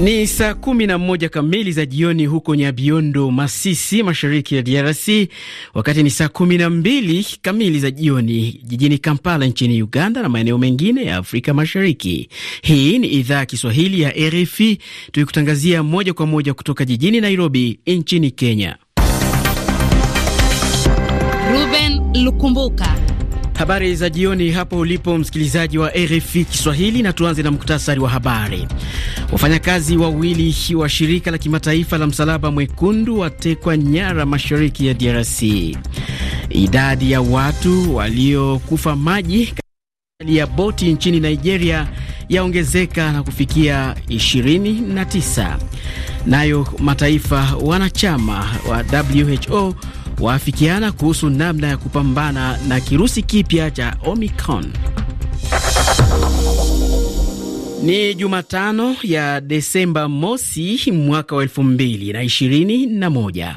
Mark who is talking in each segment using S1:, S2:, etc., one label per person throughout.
S1: Ni saa kumi na moja kamili za jioni huko Nyabiondo, Masisi, mashariki ya DRC, wakati ni saa kumi na mbili kamili za jioni jijini Kampala nchini Uganda na maeneo mengine ya Afrika Mashariki. Hii ni idhaa ya Kiswahili ya RFI tukikutangazia moja kwa moja kutoka jijini Nairobi nchini Kenya.
S2: Ruben Lukumbuka
S1: Habari za jioni hapo ulipo msikilizaji wa RFI Kiswahili, na tuanze na muktasari wa habari. Wafanyakazi wawili wa shirika la kimataifa la Msalaba Mwekundu watekwa nyara mashariki ya DRC. Idadi ya watu waliokufa maji ya boti nchini Nigeria yaongezeka na kufikia 29. Nayo mataifa wanachama wa WHO waafikiana kuhusu namna ya kupambana na kirusi kipya cha Omicron. Ni Jumatano ya Desemba mosi mwaka wa elfu mbili na ishirini na moja.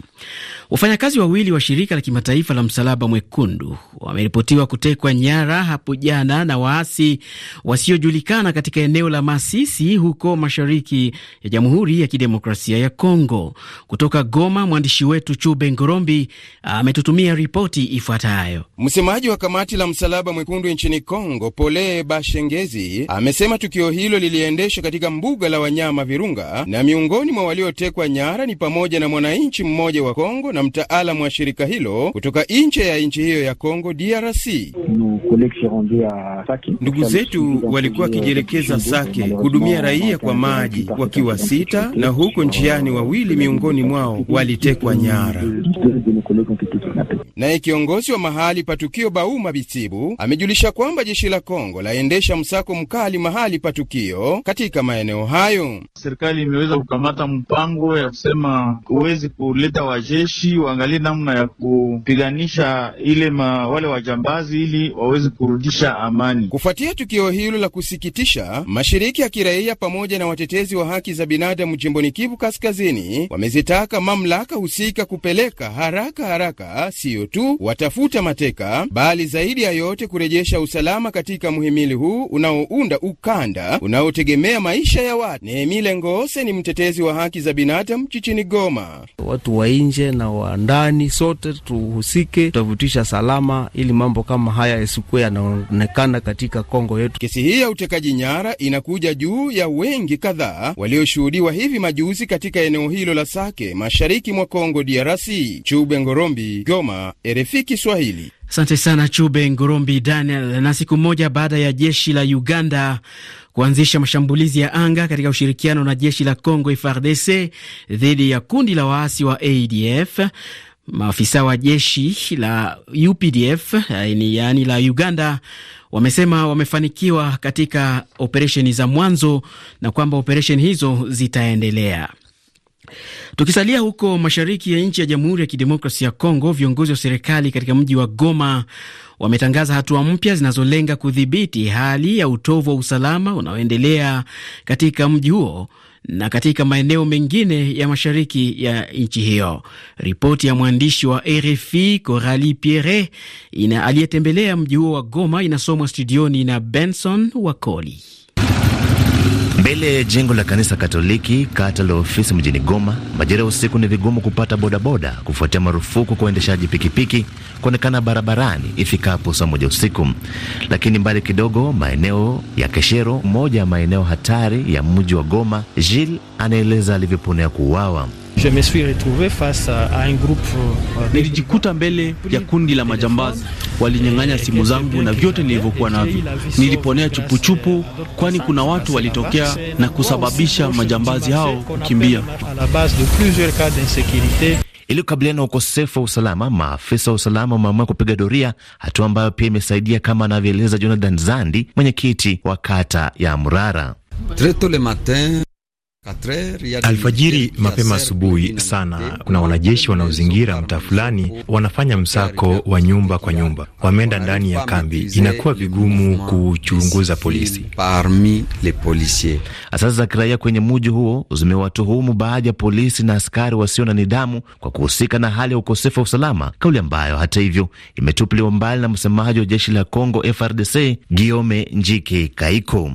S1: Wafanyakazi wawili wa shirika la kimataifa la Msalaba Mwekundu wameripotiwa kutekwa nyara hapo jana na waasi wasiojulikana katika eneo la Masisi huko mashariki ya Jamhuri ya Kidemokrasia ya Kongo. Kutoka Goma, mwandishi wetu Chube Ngorombi ametutumia ripoti ifuatayo.
S3: Msemaji wa kamati la Msalaba Mwekundu nchini Kongo, Pole Bashengezi, amesema tukio hilo liliendeshwa katika mbuga la wanyama Virunga, na miongoni mwa waliotekwa nyara ni pamoja na mwananchi mmoja wa Kongo na mtaalam mtaalamu wa shirika hilo kutoka nje ya nchi hiyo ya Kongo
S4: DRC. Ndugu zetu walikuwa wakijielekeza Sake kuhudumia raia kwa
S3: maji wakiwa sita, na huko njiani wawili miongoni mwao walitekwa nyara. Naye kiongozi wa mahali pa tukio Bauma Bitibu amejulisha kwamba jeshi la Kongo laendesha msako mkali mahali pa tukio katika maeneo hayo. Serikali imeweza kukamata mpango ya kusema huwezi kuleta wajeshi wananchi waangalie namna ya kupiganisha ile ma, wale wajambazi ili waweze kurudisha amani. Kufuatia tukio hilo la kusikitisha, mashiriki ya kiraia pamoja na watetezi wa haki za binadamu jimboni Kivu Kaskazini wamezitaka mamlaka husika kupeleka haraka haraka, siyo tu watafuta mateka, bali zaidi ya yote kurejesha usalama katika muhimili huu unaounda ukanda unaotegemea maisha ya watu. Nehemile Ngose ni mtetezi wa haki za binadamu chichini Goma. watu wainje na wa ndani, sote tuhusike, tutavutisha salama ili mambo kama haya yasikuwe yanaonekana katika Kongo yetu. Kesi hii ya utekaji nyara inakuja juu ya wengi kadhaa walioshuhudiwa hivi majuzi katika eneo hilo la Sake, mashariki mwa Kongo DRC. Chube Ngorombi, Goma, RFI Kiswahili.
S1: Asante sana Chube Ngorombi Daniel. Na siku moja baada ya jeshi la Uganda kuanzisha mashambulizi ya anga katika ushirikiano na jeshi la Congo FRDC dhidi ya kundi la waasi wa ADF. Maafisa wa jeshi la UPDF eh, yaani la Uganda wamesema wamefanikiwa katika operesheni za mwanzo na kwamba operesheni hizo zitaendelea. Tukisalia huko mashariki ya nchi ya Jamhuri ya Kidemokrasia ya Kongo, viongozi wa serikali katika mji wa Goma wametangaza hatua mpya zinazolenga kudhibiti hali ya utovu wa usalama unaoendelea katika mji huo na katika maeneo mengine ya mashariki ya nchi hiyo. Ripoti ya mwandishi wa RFI Corali Pierre aliyetembelea mji huo wa Goma inasomwa studioni na Benson Wakoli.
S5: Mbele ya jengo la kanisa Katoliki kata la ofisi mjini Goma, majira ya usiku ni vigumu kupata bodaboda kufuatia marufuku kwa waendeshaji pikipiki kuonekana barabarani ifikapo saa moja usiku. Lakini mbali kidogo, maeneo ya Keshero, moja ya maeneo hatari ya mji wa Goma, Jil anaeleza alivyoponea kuuawa.
S6: Euh,
S1: Nilijikuta mbele ya kundi la majambazi walinyang'anya simu zangu na vyote nilivyokuwa navyo. Niliponea chupuchupu, kwani kuna watu
S5: walitokea na kusababisha majambazi hao kukimbia. Ili kukabiliana na ukosefu wa usalama, maafisa wa usalama wameamua kupiga doria, hatua ambayo pia imesaidia, kama anavyoeleza Jonathan Zandi, mwenyekiti wa kata ya mrara
S3: Alfajiri mapema
S6: asubuhi sana, kuna wanajeshi wanaozingira mtaa fulani, wanafanya msako wa nyumba kwa nyumba, wameenda ndani ya kambi. Inakuwa vigumu kuchunguza polisi.
S5: Asasi za kiraia kwenye muji huo zimewatuhumu baadhi ya polisi na askari wasio na nidhamu kwa kuhusika na hali ya ukosefu wa usalama, kauli ambayo hata hivyo imetupiliwa mbali na msemaji wa jeshi la Kongo FRDC Giome Njike Kaiko.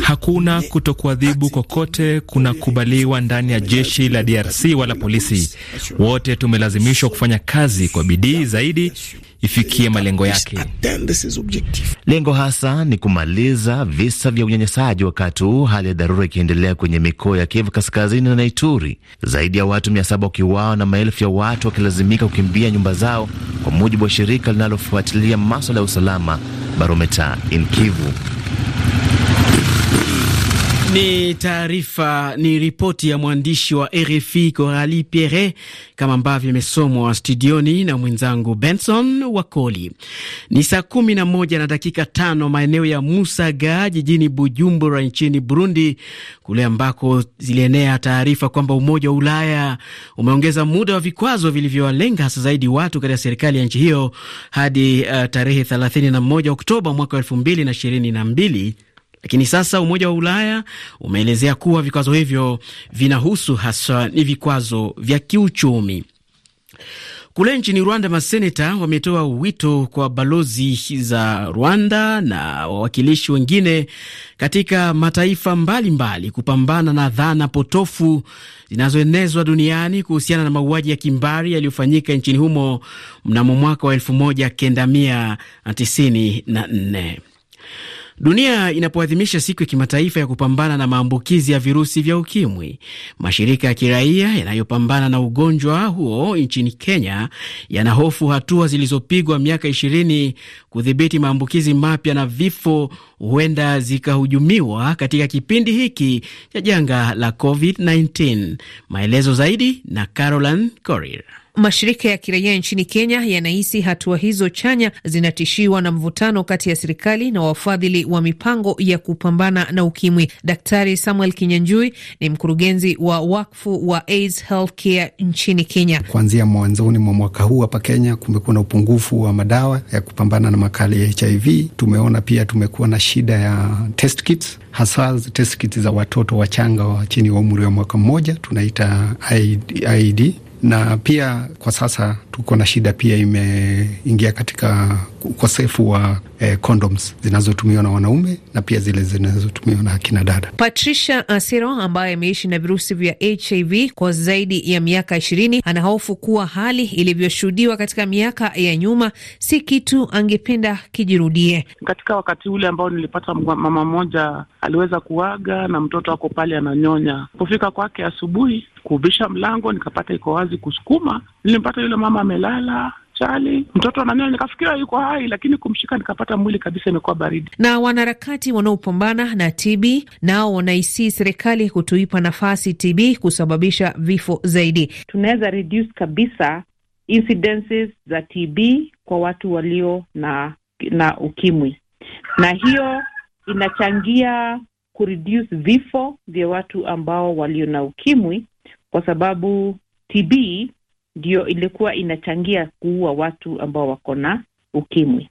S4: Hakuna kutokuadhibu kokote kunakubaliwa ndani ya jeshi la DRC wala polisi. Wote tumelazimishwa kufanya kazi kwa bidii zaidi ifikie malengo yake.
S5: Lengo hasa ni kumaliza visa vya unyanyasaji, wakati huu hali ya dharura ikiendelea kwenye mikoa ya Kivu Kaskazini na Ituri, zaidi ya watu mia saba wakiuawa na maelfu ya watu wakilazimika kukimbia nyumba zao, kwa mujibu wa shirika linalofuatilia maswala ya usalama Barometa in Kivu.
S1: Ni taarifa ni ripoti ya mwandishi wa RFI Corali Pierre, kama ambavyo imesomwa studioni na mwenzangu Benson Wakoli. Ni saa kumi na moja na dakika tano maeneo ya Musaga jijini Bujumbura nchini Burundi, kule ambako zilienea taarifa kwamba Umoja wa Ulaya umeongeza muda wa vikwazo vilivyowalenga hasa zaidi watu katika serikali ya nchi hiyo hadi uh, tarehe 31 Oktoba mwaka 2022 lakini sasa Umoja wa Ulaya umeelezea kuwa vikwazo hivyo vinahusu haswa ni vikwazo vya kiuchumi. Kule nchini Rwanda, maseneta wametoa wito kwa balozi za Rwanda na wawakilishi wengine katika mataifa mbalimbali mbali kupambana na dhana potofu zinazoenezwa duniani kuhusiana na mauaji ya kimbari yaliyofanyika nchini humo mnamo mwaka wa 1994. Dunia inapoadhimisha siku ya kimataifa ya kupambana na maambukizi ya virusi vya ukimwi, mashirika ya kiraia yanayopambana na ugonjwa huo nchini Kenya yanahofu hatua zilizopigwa miaka ishirini kudhibiti maambukizi mapya na vifo huenda zikahujumiwa katika kipindi hiki cha janga la COVID-19. Maelezo zaidi na Caroline Corir.
S2: Mashirika ya kiraia nchini Kenya yanahisi hatua hizo chanya zinatishiwa na mvutano kati ya serikali na wafadhili wa mipango ya kupambana na ukimwi. Daktari Samuel Kinyanjui ni mkurugenzi wa wakfu wa AIDS Healthcare nchini Kenya.
S4: Kuanzia mwanzoni mwa mwaka huu hapa Kenya kumekuwa na upungufu wa madawa ya kupambana na makali ya HIV. Tumeona pia tumekuwa na shida ya test kits, hasa test kits za watoto wachanga wa chini wa umri wa mwaka mmoja, tunaita IID na pia kwa sasa tuko na shida pia imeingia katika ukosefu wa eh, condoms zinazotumiwa na wanaume na pia zile zinazotumiwa na akina dada.
S2: Patricia Asiro uh, ambaye ameishi na virusi vya HIV kwa zaidi ya miaka ishirini anahofu kuwa hali ilivyoshuhudiwa katika miaka ya nyuma si kitu angependa kijirudie.
S1: Katika wakati ule ambao nilipata mama mmoja aliweza kuaga na mtoto ako pale ananyonya, kufika kwake asubuhi kubisha
S5: mlango nikapata iko wazi, kusukuma nilimpata yule mama amelala hospitali, mtoto ananiwa,
S1: nikafikiria yuko hai, lakini kumshika nikapata mwili kabisa imekuwa baridi.
S2: Na wanaharakati wanaopambana na TB nao wanaisii serikali kutuipa nafasi TB kusababisha vifo zaidi. Tunaweza reduce kabisa incidences za TB kwa watu walio na na ukimwi, na hiyo inachangia kureduce vifo vya watu ambao walio na ukimwi, kwa sababu TB ndio ilikuwa inachangia kuua watu ambao wako na ukimwi.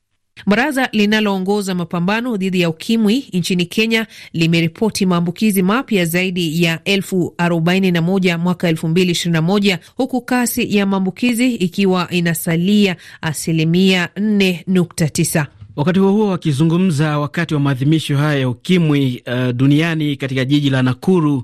S2: Baraza linaloongoza mapambano dhidi ya ukimwi nchini Kenya limeripoti maambukizi mapya zaidi ya elfu arobaini na moja mwaka elfu mbili ishirini na moja huku kasi ya maambukizi ikiwa inasalia asilimia nne nukta tisa.
S1: Wakati huo huo, wakizungumza wakati wa maadhimisho haya ya ukimwi uh, duniani katika jiji la Nakuru,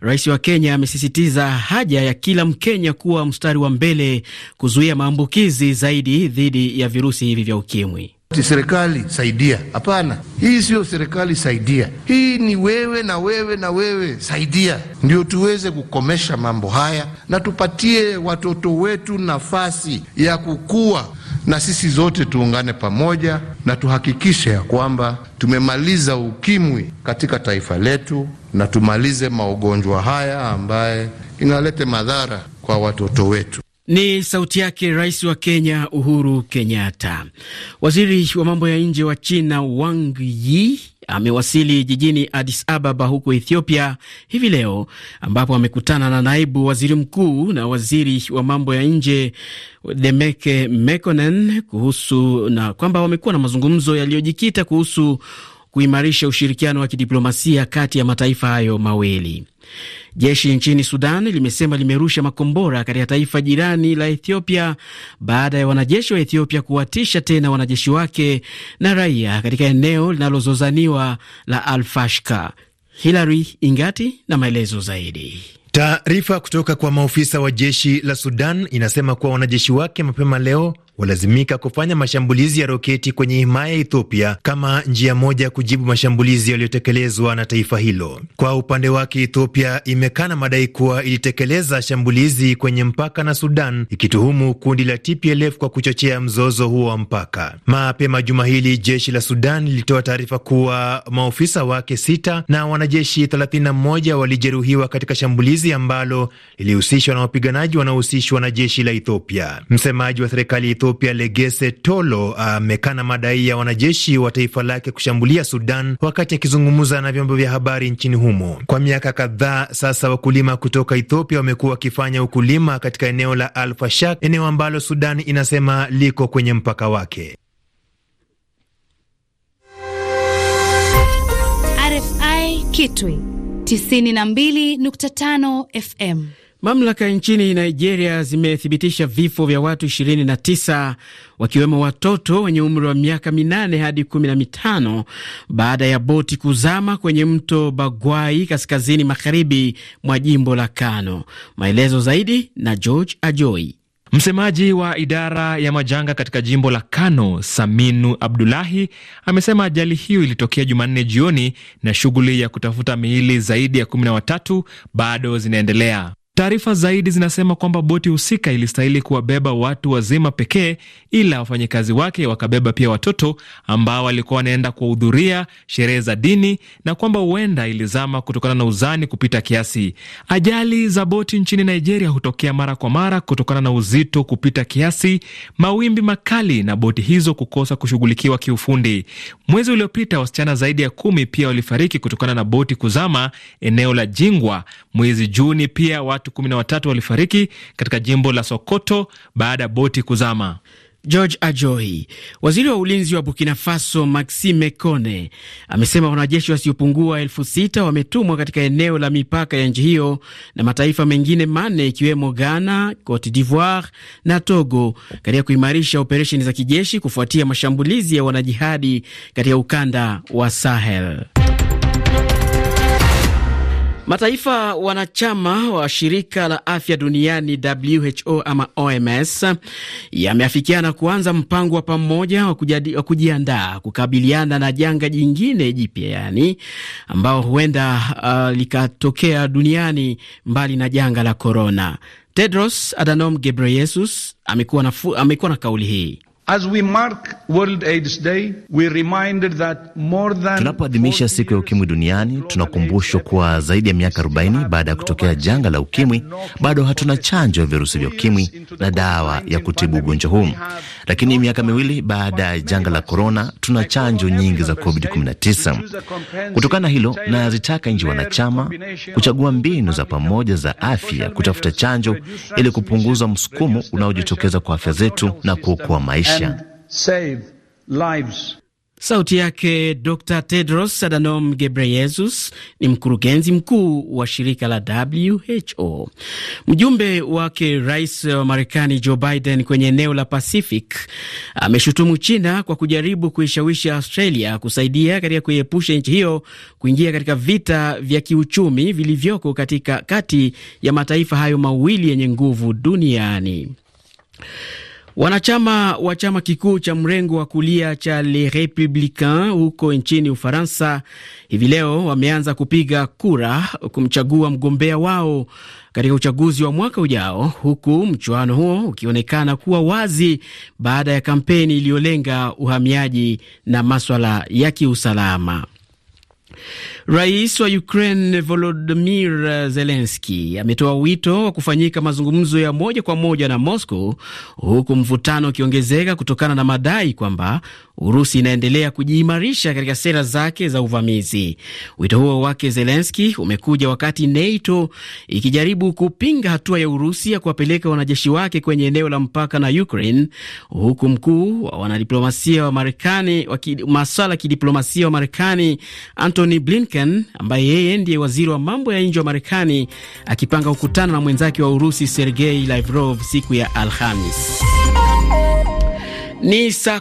S1: rais wa Kenya amesisitiza haja ya kila Mkenya kuwa mstari wa mbele kuzuia maambukizi zaidi dhidi ya virusi hivi vya ukimwi. Serikali saidia? Hapana, hii siyo serikali saidia,
S5: hii ni wewe na wewe na wewe saidia, ndio tuweze kukomesha mambo haya na tupatie watoto wetu nafasi ya kukua, na sisi zote tuungane pamoja na tuhakikishe ya kwamba tumemaliza ukimwi katika taifa letu na tumalize magonjwa haya ambaye inaleta madhara kwa watoto wetu.
S1: Ni sauti yake rais wa Kenya Uhuru Kenyatta. Waziri wa mambo ya nje wa China Wang Yi amewasili jijini Addis Ababa huko Ethiopia hivi leo, ambapo amekutana na naibu waziri mkuu na waziri wa mambo ya nje Demeke Mekonen kuhusu na kwamba wamekuwa na mazungumzo yaliyojikita kuhusu kuimarisha ushirikiano wa kidiplomasia kati ya mataifa hayo mawili. Jeshi nchini Sudan limesema limerusha makombora katika taifa jirani la Ethiopia baada ya wanajeshi wa Ethiopia kuwatisha tena wanajeshi wake na raia katika eneo linalozozaniwa la
S6: Alfashka. Hilary Ingati na maelezo zaidi. Taarifa kutoka kwa maofisa wa jeshi la Sudan inasema kuwa wanajeshi wake mapema leo walazimika kufanya mashambulizi ya roketi kwenye himaya ya Ethiopia kama njia moja ya kujibu mashambulizi yaliyotekelezwa na taifa hilo. Kwa upande wake, Ethiopia imekana madai kuwa ilitekeleza shambulizi kwenye mpaka na Sudan, ikituhumu kundi la TPLF kwa kuchochea mzozo huo wa mpaka. Mapema juma hili jeshi la Sudan lilitoa taarifa kuwa maofisa wake sita na wanajeshi 31 walijeruhiwa katika shambulizi ambalo lilihusishwa na wapiganaji wanaohusishwa na jeshi la Ethiopia. Msemaji wa serikali Ethiopia Legese Tolo amekana madai ya wanajeshi wa taifa lake kushambulia Sudan wakati akizungumza na vyombo vya habari nchini humo. Kwa miaka kadhaa sasa, wakulima kutoka Ethiopia wamekuwa wakifanya ukulima katika eneo la alfashak eneo ambalo Sudan inasema liko kwenye mpaka wake.
S2: RFI 92.5 FM. Mamlaka
S1: nchini Nigeria zimethibitisha vifo vya watu 29 wakiwemo watoto wenye umri wa miaka minane hadi kumi na mitano baada ya boti kuzama kwenye mto Bagwai kaskazini magharibi mwa jimbo la Kano. Maelezo zaidi na George Ajoi. Msemaji wa idara ya majanga katika jimbo la
S4: Kano, Saminu Abdulahi, amesema ajali hiyo ilitokea Jumanne jioni na shughuli ya kutafuta miili zaidi ya kumi na watatu bado zinaendelea. Taarifa zaidi zinasema kwamba boti husika ilistahili kuwabeba watu wazima pekee, ila wafanyakazi wake wakabeba pia watoto ambao walikuwa wanaenda kuhudhuria sherehe za dini, na kwamba huenda ilizama kutokana na uzani kupita kiasi. Ajali za boti nchini Nigeria hutokea mara kwa mara kutokana na uzito kupita kiasi, mawimbi makali na boti hizo kukosa kushughulikiwa kiufundi. Mwezi uliopita wasichana zaidi ya kumi pia walifariki kutokana na boti kuzama eneo la Jingwa. Mwezi Juni pia watu watu kumi na watatu
S1: walifariki katika jimbo la Sokoto baada ya boti kuzama. George Ajoi. Waziri wa ulinzi wa Burkina Faso Maxime Kone amesema wanajeshi wasiopungua elfu sita wametumwa katika eneo la mipaka ya nchi hiyo na mataifa mengine manne ikiwemo Ghana, Cote d'Ivoire na Togo katika kuimarisha operesheni za kijeshi kufuatia mashambulizi ya wanajihadi katika ukanda wa Sahel. Mataifa wanachama wa shirika la afya duniani WHO ama OMS yameafikiana kuanza mpango wa pamoja wa kujiandaa kukabiliana na janga jingine jipya, yani ambao huenda uh, likatokea duniani mbali na janga la korona. Tedros Adhanom Ghebreyesus amekuwa na, amekuwa na kauli hii
S5: Tunapoadhimisha siku ya ukimwi duniani, tunakumbushwa kuwa zaidi ya miaka 40 baada ya kutokea janga la ukimwi, bado hatuna chanjo ya virusi vya ukimwi na dawa ya kutibu ugonjwa huu. Lakini miaka miwili baada ya janga la korona, tuna chanjo nyingi za COVID-19. Kutokana na hilo, nazitaka nchi wanachama kuchagua mbinu za pamoja za afya kutafuta chanjo ili kupunguza msukumo unaojitokeza kwa afya zetu na kuokoa maisha.
S1: Save lives. Sauti yake Dr Tedros Adhanom Ghebreyesus ni mkurugenzi mkuu wa shirika la WHO. Mjumbe wake rais wa Marekani Joe Biden kwenye eneo la Pacific ameshutumu China kwa kujaribu kuishawishi Australia kusaidia katika kuiepusha nchi hiyo kuingia katika vita vya kiuchumi vilivyoko katika kati ya mataifa hayo mawili yenye nguvu duniani. Wanachama wa chama kikuu cha mrengo wa kulia cha Les Republicains huko nchini Ufaransa hivi leo wameanza kupiga kura kumchagua mgombea wao katika uchaguzi wa mwaka ujao, huku mchuano huo ukionekana kuwa wazi baada ya kampeni iliyolenga uhamiaji na maswala ya kiusalama. Rais wa Ukraine Volodymyr Zelensky ametoa wito wa kufanyika mazungumzo ya moja kwa moja na Moscow, huku mvutano ukiongezeka kutokana na madai kwamba Urusi inaendelea kujiimarisha katika sera zake za uvamizi. Wito huo wake Zelensky umekuja wakati NATO ikijaribu kupinga hatua ya Urusi ya kuwapeleka wanajeshi wake kwenye eneo la mpaka na Ukraine, huku mkuu wa wanadiplomasia wa Marekani, maswala ya kidiplomasia wa Marekani Antony Blinken Blinken ambaye yeye ndiye waziri wa mambo ya nje wa Marekani akipanga kukutana na mwenzake wa Urusi Sergei Lavrov siku ya Alhamis. Ni saa